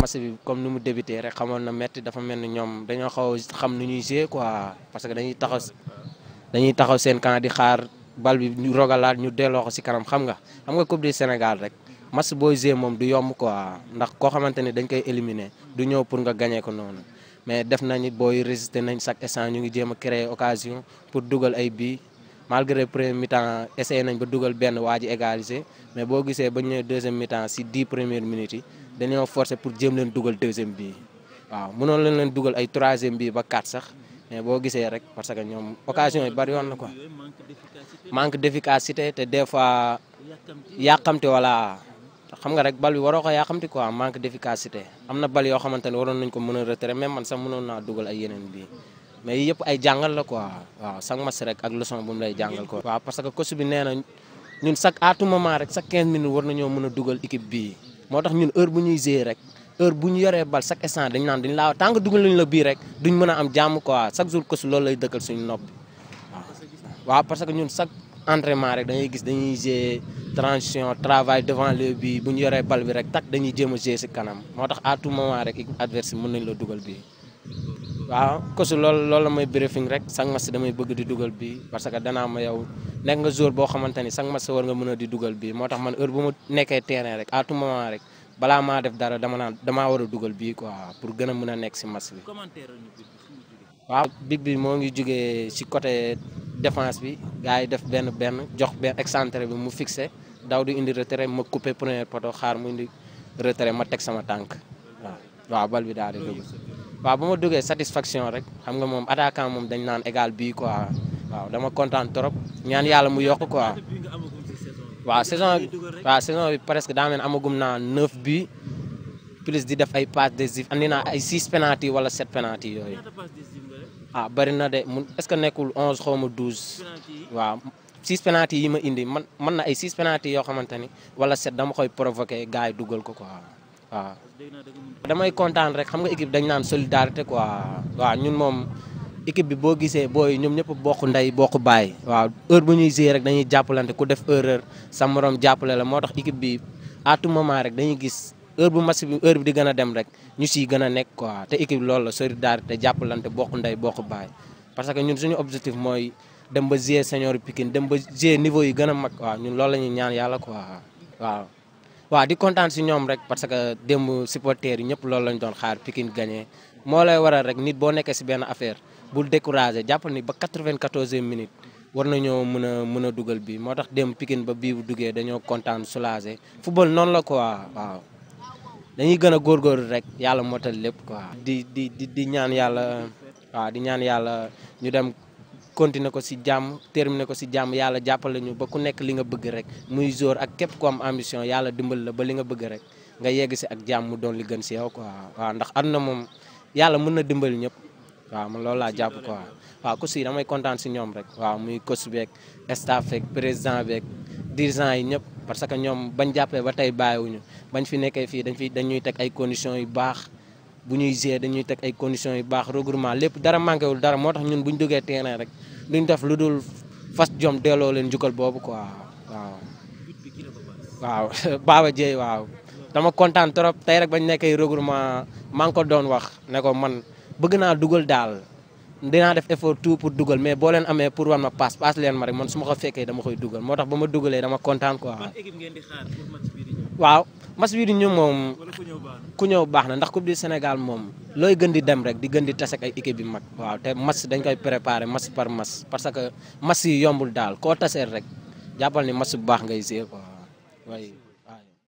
match bi comme ni mu débuté rek xamoon na métti dafa mel ni ñoom dañoo xaw xam nu ñuy jouer quoi parce que dañuy taxaw dañuy taxaw seen camp di xaar bal bi ñu rogalaat ñu delloo ko ci kanam xam nga xam nga Coupe du Sénégal rek match booy jouer moom du yomb quoi ndax koo xamante ne dañ koy éliminer du ñëw pour nga gagné ko noonu mais def nañu booy résister nañ chaque instant ñu ngi jéem a créer occasion pour dugal ay bii malgré premier mi-temps essayé nañ ba dugal benn waa ji égaliser mais boo gisee ba ñu deuxième mi si di premières minutes yi dañoo forcé pour jéem leen dugal deuxième bii waaw mënoon leen leen dugal ay troisième bii ba quatre sax mais boo gisee rek parce que ñoom occasion yi bari yoon na quoi manque d'efficacité te des fois yàqamti wala xam nga rek bal bi waroo ko yàqamti quoi manque d'efficacité am na bal yoo xamante ne waroon nañ ko mën a retirer même man sax mënoon naa dugal ay yeneen bi mais yëpp ay jàngal la ko waaw chaque match rek ak leçon bu mu lay jàngal quoi. waaw parce que coach bi nee na ñun chaque à tout moment rek chaque 15 minutes war nañoo mën a dugal équipe bii moo tax ñun heure bu ñuy gérer rek heure bu ñu yoree bal chaque instant dañ naan dañ laa tant que dugal lañ la bii rek duñ mën a am jàmm quoi chaque jour coach loolu lay dëkkal suñu nopp waaw. waaw parce que ñun chaque entraînement rek dañuy gis dañuy gérer transition travail devant le but bu ñu yoree bal bi rek tak dañuy jéem a gérer kanam moo tax à moment rek adversaire mën nañ la dugal bii. waaw kosu lool loolu la may briefing rek chaque match damay bëgg di dugal bi parce que danaa ma yow nekk nga joueur boo xamante ni chaque match war nga mën a di dugal bi moo tax man heure bu ma nekkee terrain rek à rek balaa maa def dara dama naan damaa war a dugal bii quoi pour gën a mën a nekk si match bi. waaw big bi moo ngi jugee si côté défense bi gars yi def benn benn jox benn excentré bi mu fixé daw di indi retrait ma coupé premier poteau xaar mu indi retrait ma teg sama tànk waaw waaw bal waaw ba ma duggee satisfaction rek xam nga moom attaquant moom dañ naan égal bii quoi waaw dama kontaan trop ñaan yàlla mu yokk quoi. waaw saison bi saison bi presque daa mel amagum naa neuf bi plus di def ay passes décisives andi naa ay six penalty wala sept penalty yooyu. ah bëri na de mu est-ce que nekkul onze xaw ma douze. waaw six penalty yi ma indi man mën na ay six penalty yoo xamante ni wala sept dama koy provoqué gars yi dugal ko quoi. waaw. damay kontaan rek xam nga équipe dañ naan solidarité quoi waaw ñun moom équipe bi boo gisee booy ñoom ñëpp bokk ndey bokk baay. waaw heure bu ñuy jouer rek dañuy jàppalante ku def erreur sa morom jàppale la moo tax équipe bi à moment rek dañuy gis. heure bu match bi heure bi di gën a dem rek ñu siy gën a nekk quoi te équipe loolu la solidarité jàppalante bokk ndey bokk baay parce que ñun suñu objectif mooy dem ba jouer senior Pikine dem ba jouer niveau yi gën a mag waaw ñun loolu la ñuy ñaan yàlla quoi waaw di kontaan si ñoom rek parce que démb supporters yi ñëpp loolu lañ doon xaar pikin gagné moo lay waral rek nit boo nekkee si benn affaire bul découragé jàppal ni ba 94e minute war nañoo mën a mën a dugal bi moo tax démb pikin ba bii bu duggee dañoo kontaan soulagé football noonu la ko waaw dañuy gën a góorgóorlu rek yàlla motal lépp quoi. di di di di ñaan yàlla waaw di ñaan yàlla ñu dem. continuer ko si jàmm terminer ko si jàmm yàlla jàppale ñu ba ku nekk li nga bëgg rek muy jour ak képp ku am ambition yàlla dimbali la ba li nga bëgg rek nga yegg si ak jàmm mu doon li gën si yow ko waaw ndax àdduna moom yàlla mun na dimbali ñëpp waaw man loolu laa jàpp ko waaw ku si damay kontaan si ñoom rek waaw muy coach beeg staff beeg président beeg dirigeant yi ñëpp parce que ñoom bañ jàppee ba tey bàyyiwuñu bañ fi nekkee fii dañ fi dañuy teg ay conditions yu baax bu ñuy gérer dañuy teg ay condition yu baax regroupement lépp dara manqué wul dara moo tax ñun bu ñu duggee terrain rek duñ def lu dul fas jom delloo leen jukkal boobu quoi waaw. waaw Baba Dieye waaw dama kontaan trop tey rek bañ nekkee regroupement maa ko doon wax ne ko man bëgg naa dugal daal dinaa def effort tout pour dugal mais boo leen amee pour wan ma paas paas leen ma rek man su ma ko fekkee dama koy dugal moo tax ba ma dugalee dama kontaan quoi. waaw match bii di ñu moom ku ñëw baax na ndax coupe du Sénégal moom looy gën di dem rek di gën di tase ay équipe bi mag waaw te match dañ koy préparer match par mass parce que match yi yombul daal koo taseel rek jàppal ni match bu baax ngay séer quoi waaye